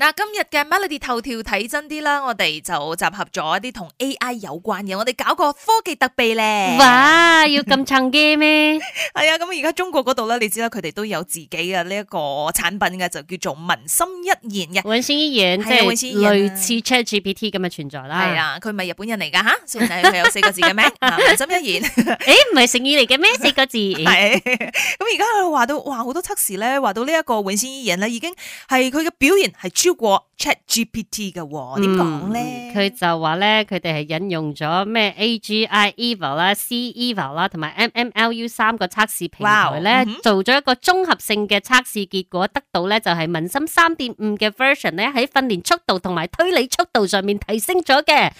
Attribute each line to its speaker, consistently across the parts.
Speaker 1: 嗱、啊，今日嘅 Melody 頭條睇真啲啦，我哋就集合咗一啲同 AI 有關嘅，我哋搞個科技特備咧。哇，
Speaker 2: 要咁撐機咩？
Speaker 1: 係啊、 哎，咁而家中國嗰度咧，你知啦，佢哋都有自己嘅呢一個產品嘅，就叫做文心一言
Speaker 2: 嘅。文心一言即係類似 ChatGPT 咁嘅存在啦。係啊，
Speaker 1: 佢唔係日本人嚟噶吓，所以咪有四個字嘅咩？「文心
Speaker 2: 一言。誒對，唔係成語嚟嘅咩？四個字。係。 咁而家佢話
Speaker 1: 到，哇，好多測試咧，話到呢一個文心一言咧，已經係佢嘅表現係。
Speaker 2: 超過 ChatGPT 嘅，點講咧？佢就話咧，佢哋係引用咗咩 AGI Eval 啦、MM、C Eval 啦，同埋 MMLU 三個測試平台咧，做咗一個綜合性嘅測試結果，得到咧就係文心三點五嘅 version 咧，喺訓練速度同埋推理速度上面提升咗嘅，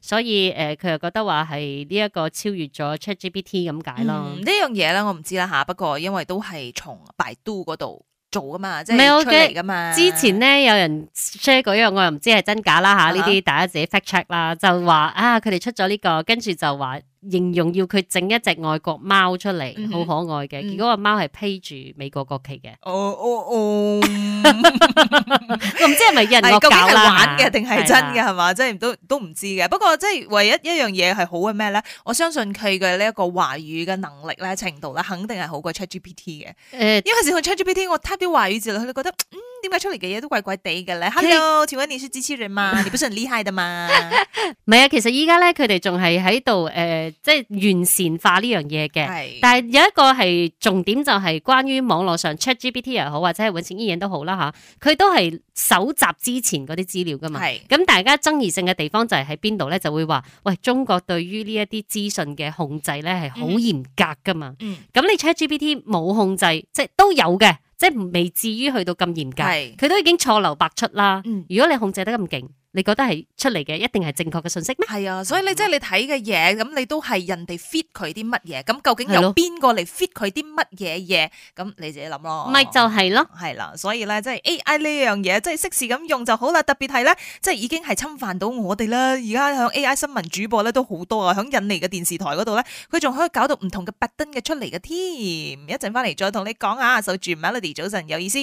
Speaker 2: 所以誒，佢、呃、又覺得話係呢一個超越咗 ChatGPT 咁解咯。呢樣嘢咧，我唔知啦吓，不
Speaker 1: 過因為都係從百度嗰度。做啊嘛，即係出嚟噶嘛。之前
Speaker 2: 咧有人 share 過一樣，我又唔知係真假啦吓。呢啲大家自己 fact check 啦，就話啊，佢哋出咗呢個，跟住就話。形容要佢整一隻外國貓出嚟，好、嗯、哼可愛嘅。嗯、結果個貓係披住美國國旗嘅。我唔知係咪人、哎？究竟係玩嘅定係真嘅？係
Speaker 1: 嘛、啊？即係都都唔知嘅。不過即係唯一一樣嘢係好嘅咩咧？我相信佢嘅呢一個華語嘅能力咧程度咧，肯定係好過 Chat
Speaker 2: GPT 嘅。誒、
Speaker 1: 呃，因為試過 Chat GPT，我 type 啲華語字落去，覺得、嗯點解出嚟嘅嘢都怪怪地嘅咧？Hello， 請問你是機器人嘛？ 你不是很厲害的嘛？
Speaker 2: 唔係 啊，其實依家咧，佢哋仲係喺度誒，即係完善化呢樣嘢嘅。係是，但係有一個係重點，就係關於網絡上 ChatGPT 又好，或者係搵錢依樣都好啦吓，佢都係搜集之前嗰啲資料噶嘛。係是，咁大家爭議性嘅地方就係喺邊度咧，就會話，喂，中國對於呢一啲資訊嘅控制咧係好嚴格噶嘛，嗯。嗯，咁、嗯、你 ChatGPT 冇控制，即係都有嘅。即係未至於去到咁嚴格，佢是都已經錯漏百出啦。如果你控制得咁勁。你覺得係出嚟嘅一定係正確嘅信息咩？係 啊，所以咧即係你
Speaker 1: 睇嘅嘢，咁你都係人哋 fit 佢啲乜嘢，咁對咯 究竟有邊個嚟 fit 佢啲乜嘢嘢？咁對咯 你自己諗咯。咪就係咯，係啦，所以咧即係 A I 呢樣嘢，即係適時咁用就好啦。特別係咧，即係已經係侵犯到我哋啦。而家響 A I 新聞主播咧都好多啊，響印尼嘅電視台嗰度咧，佢仲可以搞到唔同嘅 button 嘅出嚟嘅添。一陣翻嚟再同你講下，阿守住 Melody 早晨有意思。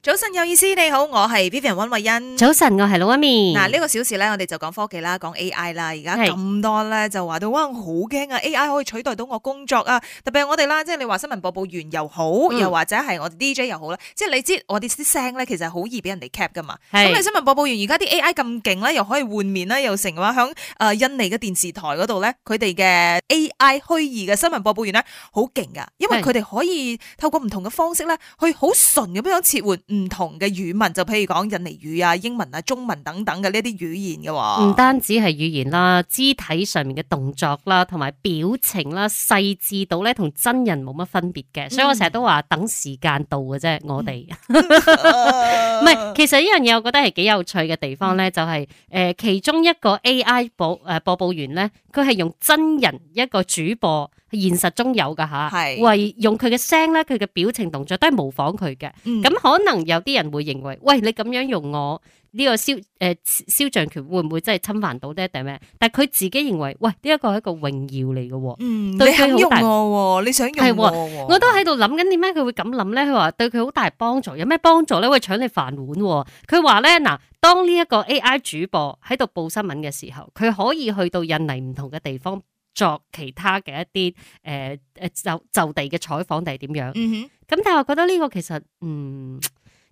Speaker 1: 早晨有意思，你好，我係 Vivian 溫慧欣。早
Speaker 2: 晨，我係老 Amy。嗱呢、啊這個
Speaker 1: 小時咧，我哋就講科技啦，講 AI 啦。而家咁多咧，是就話到哇好驚啊！AI 可以取代到我工作啊。特別係我哋啦，即係你話新聞播報員又好，嗯、又或者係我 DJ 又好啦。即係你知我哋啲聲咧，其實好易俾人哋 cap 噶嘛。咁是你新聞播報員而家啲 AI 咁勁咧，又可以換面啦，又成啦，響、呃、誒印尼嘅電視台嗰度咧，佢哋嘅 AI 虛擬嘅新聞播報員咧，好勁噶，因為佢哋可以透過唔同嘅方式咧，去好純咁樣切換。唔同嘅語文就譬如講印尼語啊、英文啊、中文等等嘅呢啲語言嘅，唔
Speaker 2: 單止係語言啦，肢體上面嘅動作啦，同埋表情啦，細緻到咧同真人冇乜分別嘅，嗯、所以我成日都話等時間到嘅啫，我哋唔係。 其實呢樣嘢我覺得係幾有趣嘅地方咧，嗯、就係誒，其中一個 AI 播誒播報員咧，佢係用真人一個主播。現實中有噶吓，喂是用佢嘅聲咧，佢嘅表情動作都係模仿佢嘅。咁、嗯、可能有啲人會認為，喂，你咁樣用我呢、這個肖誒肖像權會唔會真係侵犯到咧？定咩？但係佢自己認為，喂，呢一個係一個榮耀嚟嘅。嗯，你肯用我，你想用我，我都喺度諗緊點解佢會咁諗咧？佢話對佢好大幫助，有咩幫助咧？會搶你飯碗。佢話咧嗱，當呢一個 A I 主播喺度報新聞嘅時候，佢可以去到印尼唔同嘅地方。作其他嘅一啲誒誒就就地嘅採訪定係點樣？咁、嗯、哼但係我覺得呢個其實，嗯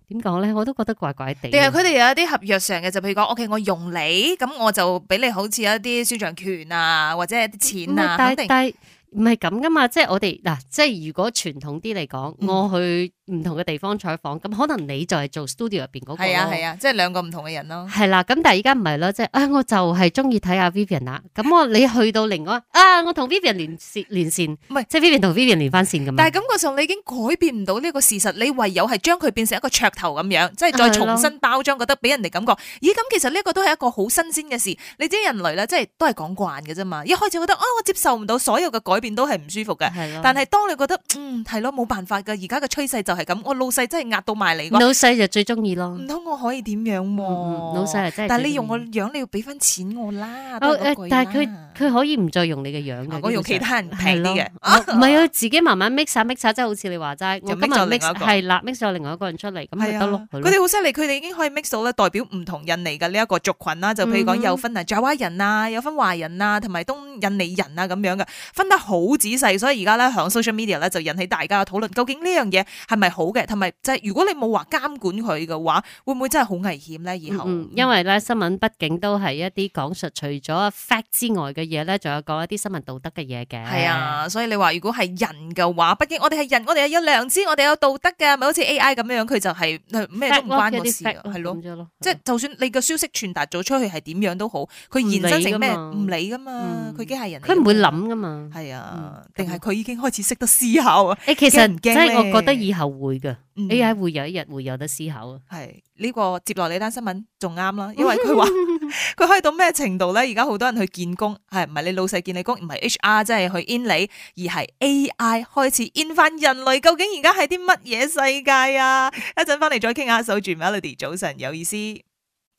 Speaker 2: 點講咧，我都覺得怪怪地。定係佢
Speaker 1: 哋有一啲合約上嘅，就譬如講，OK，我用你，咁我就俾你好似有一啲宣傳權啊，或者一啲錢啊，肯定。
Speaker 2: 唔係咁噶嘛，即係我哋嗱、啊，即係如果傳統啲嚟講，嗯、我去唔同嘅地方採訪，咁可能你就係做 studio 入邊嗰、那個。係啊係啊，即係、啊就是、兩個唔同嘅人咯。係啦，咁但係而家唔係咯，即係啊，我就係中意睇下 Vivian 啦、啊。咁我你去到另外啊，我同 Vivian 連線連線，唔係喂即係 Vivian 同 Vivian 連翻線連返線咁。但
Speaker 1: 係感覺上你已經改變唔到呢個事實，你唯有係將佢變成一個噱頭咁樣，即係再重新包裝，覺得俾人哋感覺，咦、哎、咁其實呢個都係一個好新鮮嘅事。你知人類咧，即係都係講慣嘅啫嘛，一開始覺得啊、哦，我接受唔到所有嘅改變。見到係唔舒服嘅，但係當你覺得，嗯，係咯，冇辦法噶，而家嘅趨勢就係咁，我老細真係壓到埋你。老細
Speaker 2: 就最中意咯，唔通我可以點樣？老細啊，真係，但係你用我
Speaker 1: 樣，你要俾翻錢我啦。但係佢
Speaker 2: 佢可以唔再用你嘅樣嘅，我用其他人平啲嘅，唔係啊，自己慢慢 mix 晒 mix 晒，即係好似你話齋，我今日 mix 係啦，mix 咗另外一個人出嚟，咁就得咯。佢哋好犀利，佢哋已經可以 mix
Speaker 1: 到咧，代表唔同印尼嘅呢一個族群啦，就譬如講有分啊爪哇人啊，有分華人啊，同埋東印尼人啊咁樣嘅。分得。好仔細，所以而家咧喺 social media 咧就引起大家嘅討論。究竟呢樣嘢係咪好嘅？同埋即係如果你冇話監管佢嘅話，會唔會真係好危險咧？以後會會呢、嗯嗯、因為
Speaker 2: 咧新聞畢竟都係一啲講述，除咗 fact 之外嘅嘢咧，仲有講一啲新聞道德嘅嘢嘅。係啊，所以你話如果係人嘅話，畢竟我哋係人，
Speaker 1: 我哋係有良知，我哋有道德嘅，咪好似 AI 咁樣樣，佢就係、是、咩都唔關我事 fact，啊，係咯，即係就，就算你嘅消息傳達咗出去係點樣都好，佢延伸成咩唔理㗎嘛，佢機械人，佢唔會
Speaker 2: 諗㗎嘛，係啊。啊！定係佢已經開始識得思考啊！誒、欸，其實唔驚即係我覺得以後會嘅，AI、嗯、會有一日會有得思考啊！係呢、這個接落
Speaker 1: 你單新聞仲啱啦，因為佢話佢可以到咩程度咧？而家好多人去見工，係唔係你老細見你工，唔係 HR，即係去 in 你，而係 AI 開始 in 翻人類。究竟而家係啲乜嘢世界啊？一陣翻嚟再傾下手住 Melody 早晨有意思。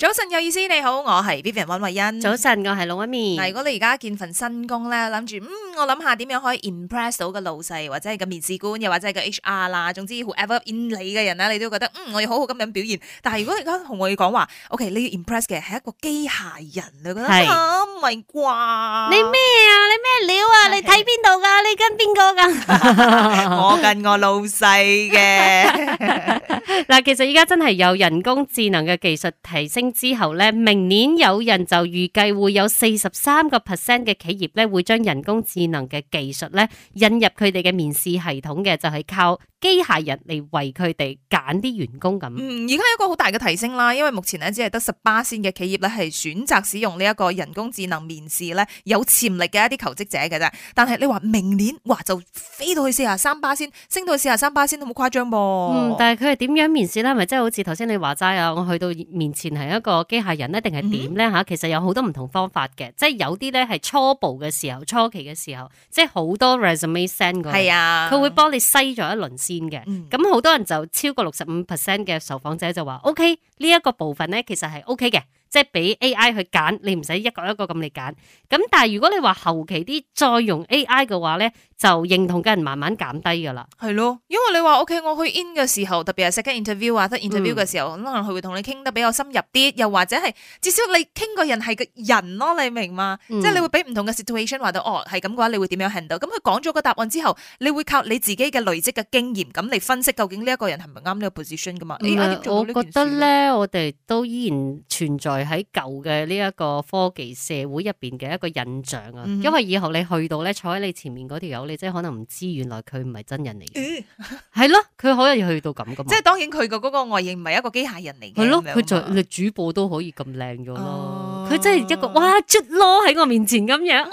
Speaker 1: 早晨有意思，你好，我係 Vivian 溫慧欣。早晨，
Speaker 2: 我係老一面。嗱，如果
Speaker 1: 你而家見份新工咧，諗住嗯，我諗下點樣可以 impress 到個老細或者係個面試官，又或者係個 HR 啦，總之 whoever in 你嘅人啦，你都覺得嗯，我要好好咁樣表現。但係如果你而家同我講話 ，OK，你要 impress 嘅係一個機械人，你覺得啊，咪啩是？Oh、你咩啊？你咩料啊？你睇邊度噶？你跟邊個噶？ 我跟我老細嘅。
Speaker 2: 嗱 其實依家真係有人工智能嘅技術提升。之後咧，明年有人就預計會有四十三個 percent 嘅企業咧，會將人工智能嘅技術咧引入佢哋嘅面試系統嘅，就係、是、靠機械人嚟為佢哋揀啲員工咁。嗯，
Speaker 1: 而家有個好大嘅提升啦，因為目前咧，只係得十八先嘅企業咧，係選擇使用呢一個人工智能面試咧，有潛力嘅一啲求職者嘅啫。但係你話明年哇，就飛到去四十三八先，升到去四十三八先，都冇誇張噃。嗯，
Speaker 2: 但係佢係點樣面試咧？咪即係好似頭先你話齋啊，我去到面前係一。一個機械人咧，定係點咧吓？其實有好多唔同方法嘅，即係有啲咧係初步嘅時候，初期嘅時候，即係好多 resume send 過，係啊，佢會幫你篩咗一輪先嘅。咁好、嗯、多人就超過六十五 percent 嘅受訪者就話：OK，呢一個部分咧，其實係 OK 嘅。即係俾 AI 去揀，你唔使一個一個咁嚟揀。咁但係如果你話後期啲再用 AI 嘅話咧，就認同嘅人慢慢減低噶啦。係咯，
Speaker 1: 因為你話 OK，我去 in 嘅時候，特別係 second interview 或者 interview 嘅時候，嗯、可能佢會同你傾得比較深入啲。又或者係至少你傾個人係個人咯、啊，你明嘛？嗯、即係你會俾唔同嘅 situation 話到哦，係咁嘅話，你會點樣 handle？咁佢講咗個答案之後，你會靠你自己嘅累積嘅經驗咁嚟分析究竟呢一個人係咪啱呢個 position 嘅嘛、嗯？誒、嗯，我覺
Speaker 2: 得咧，我哋都依然存在。佢喺舊嘅呢一個科技社會入邊嘅一個印象啊，嗯、哼因為以後你去到咧，坐喺你前面嗰條友，你真係可能唔知原來佢唔係真人嚟，嘅、嗯。係 咯，佢可以去到咁噶嘛？即係
Speaker 1: 當然佢嘅個外形唔係一個機械人嚟嘅，係咯，
Speaker 2: 佢就 你主播都可以咁靚咗咯，佢真係一個哇，竹籮喺我面前咁樣，哦。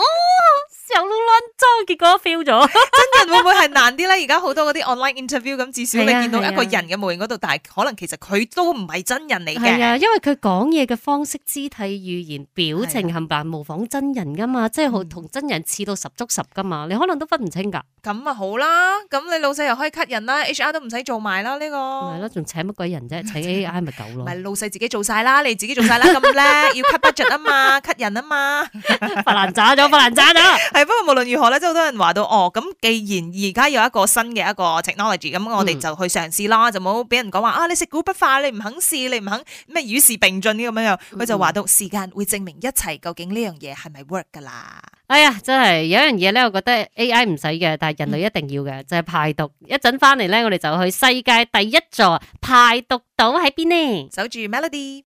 Speaker 2: 走攞蘭州，結果 fail 咗。真人會唔會係難啲咧？而家好多嗰啲
Speaker 1: online interview 咁，至少你見到一個人嘅模型嗰度，但係可能其實佢都唔係真人嚟嘅。係啊，
Speaker 2: 因為佢講嘢嘅方式、肢體、語言、表情，冚唪唥模仿真人噶嘛，啊、即係好同真人似到十足十噶嘛，你可能都分唔清噶、嗯。咁啊好啦，咁你老細又可以
Speaker 1: cut 人啦，HR 都唔使做埋啦呢個。係咯，仲請乜鬼人啫？請 AI 咪夠咯。咪老細自己做晒啦，你自己做晒啦，咁叻 要 cut budget 啊嘛 ，cut 人啊嘛， 發爛渣咗，發爛渣咗，不過無論如何咧，即係好多人話到哦，咁既然而家有一個新嘅一個 technology，咁、嗯、我哋就去嘗試啦，就冇俾人講話啊！你食古不化，你唔肯試，你唔肯咩與時並進呢咁樣樣。佢就話到時間會證明一切，究竟呢樣嘢係咪 work 噶啦？
Speaker 2: 哎呀，真係有樣嘢咧，我覺得 AI 唔使嘅，但係人類一定要嘅、嗯、就係排毒。一陣翻嚟咧，我哋就去世界第一座排毒島喺邊呢？守住 Melody。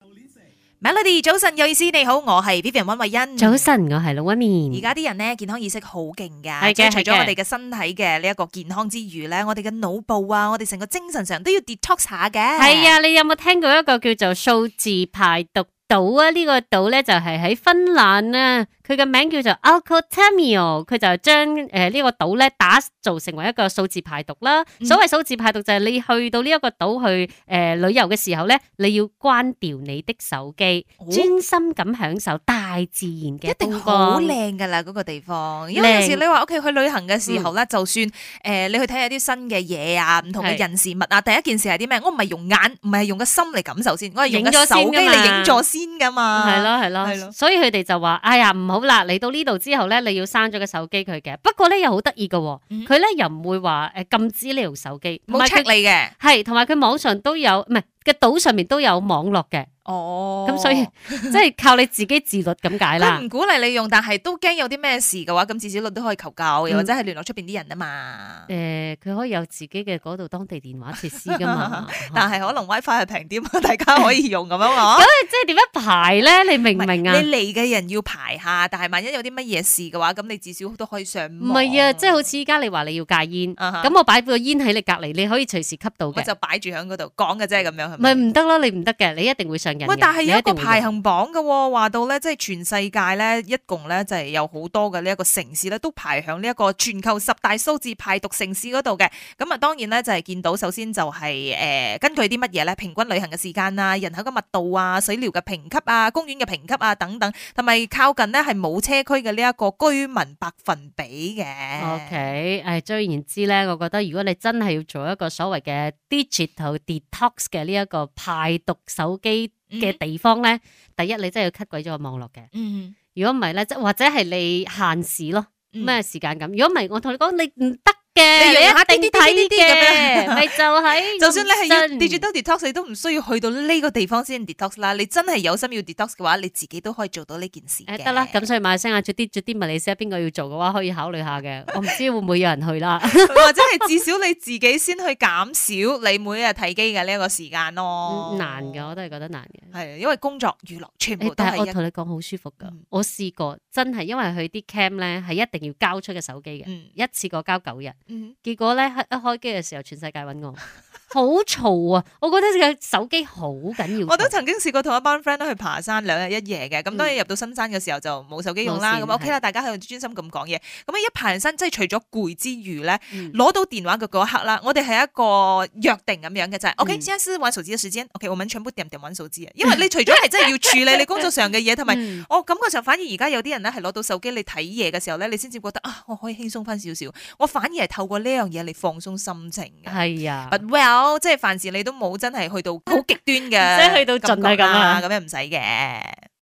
Speaker 2: Melody，早晨，有意思，你好，我係 Vivian 溫慧欣。早晨，我係老溫。而家
Speaker 1: 啲人咧，健康意識好勁噶，即係的除咗我哋嘅身體嘅呢一個健康之餘咧，的我哋嘅腦部啊，我哋成個精神上都要 detox 下嘅。係啊，
Speaker 2: 你有冇聽過一個叫做數字排毒島、這個、啊？呢個島咧就係喺芬蘭啊。佢嘅名叫做 Ulko-Tammio，佢就將誒呢個島咧打造成為一個數字排毒啦。所謂數字排毒就係你去到呢一個島去誒旅遊嘅時候咧，你要關掉你的手機，專心咁享受大自然嘅風光。一定好
Speaker 1: 靚㗎啦，嗰個地方，因為有時你話屋企去旅行嘅時候咧，就算誒你去睇下啲新嘅嘢啊，唔同嘅人事物啊，第一件事係啲咩？我唔係用眼，唔係用個心嚟感受先，我係影咗手機嚟影咗先
Speaker 2: 㗎嘛。係咯係咯，所以佢哋就話：哎呀唔好。好啦，嚟到呢度之後咧，你要刪咗個手機佢嘅。不過咧又好得意嘅，佢咧、嗯、又唔會話誒禁止呢條手機，冇 check 你嘅，係同埋佢網上都有，唔係個島上面都有網絡嘅。哦，咁所以即係、就是、靠你自己自律咁解啦。唔 鼓
Speaker 1: 勵你用，但係都驚有啲咩事嘅話，咁至少你都可以求救又或者係聯絡出邊啲人啊嘛。誒、嗯，佢、呃、可以有自己
Speaker 2: 嘅嗰度當地電話設施噶嘛，
Speaker 1: 但係可能 WiFi 係平啲啊，大家可以用
Speaker 2: 咁樣。咁你即係點樣排咧？你明唔明啊？你嚟
Speaker 1: 嘅人要排下，但係萬一有啲乜嘢事嘅話，咁你至少都可以上。唔係啊，
Speaker 2: 即、就、係、是、好似依家你話你要戒煙啊哈，咁我擺個煙喺你隔籬，你可以隨時吸到嘅。就
Speaker 1: 擺住喺嗰度講嘅啫，咁樣係唔係
Speaker 2: 唔得咯，你唔得嘅，你一定會上。喂，人人但係有一個排行
Speaker 1: 榜嘅，哦，話到咧，即係全世界咧，一共咧就係有好多嘅呢一個城市咧，都排響呢一個全球十大數字排毒城市嗰度嘅。咁啊，當然咧就係見到，首先就係、是、誒、呃，根據啲乜嘢咧，平均旅行嘅時間啦，人口嘅密度啊，水療嘅評級啊，公園嘅評級啊等等，同埋靠近呢係冇車區嘅呢一個居
Speaker 2: 民百分比嘅。O K，誒，總而言之咧，我覺得如果你真係要做一個所謂嘅 digital detox 嘅呢一個排毒手機嘅地方咧，第一你真係要 cut 鬼咗個網絡嘅，如果唔係咧，即 或者係你限時咯，咩時間咁？如果唔係，我同你講，你唔得。
Speaker 1: 嘅，你一下啲啲睇呢啲咁樣，咪就係就算你係要，digital detox 你都唔需要去到呢個地方先 detox 啦。
Speaker 2: 你真係有心要 detox 嘅話，你自己都可以做到呢件事得啦，咁、欸、所以買聲啊，做啲做啲物理師，邊個要做嘅話可以考慮下嘅。我唔知會唔會有人去啦， 或者
Speaker 1: 係至少你自己先去減少你每日睇機嘅呢個時間咯、哦嗯。難嘅，我都係覺得難嘅。係
Speaker 2: 因為工作、娛樂全部都係、欸、但係我同你講好舒服噶，嗯、我試過真係，因為佢啲 cam 咧係一定要交出嘅手機嘅，嗯、一次過交九日。結果咧，一開機嘅時候，全世界揾我。 好嘈啊！我覺得個手機好緊要。我都曾經試過
Speaker 1: 同一班 friend 去爬山兩日一夜嘅，咁、嗯、當然入到深山嘅時候就冇手機用啦。咁、嗯、OK 啦，是大家喺度專心咁講嘢。咁一爬山，即、就、係、是、除咗攰之餘咧，攞、嗯、到電話嘅嗰一刻啦，我哋係一個約定咁樣嘅就係、是嗯、，OK，先先玩手機嘅時間。OK，我完全不掂掂玩手機啊。因為你除咗係真係要處理你工作上嘅嘢，同埋我感覺上，反而而家有啲人咧係攞到手機你睇嘢嘅時候咧，你先至覺得啊，我可以輕鬆翻少少。我反而係透過呢樣嘢嚟放鬆心情嘅。係呀 But, 哦、即係凡事你都冇真係去到好極端嘅，即係 去到盡啊咁樣唔使嘅。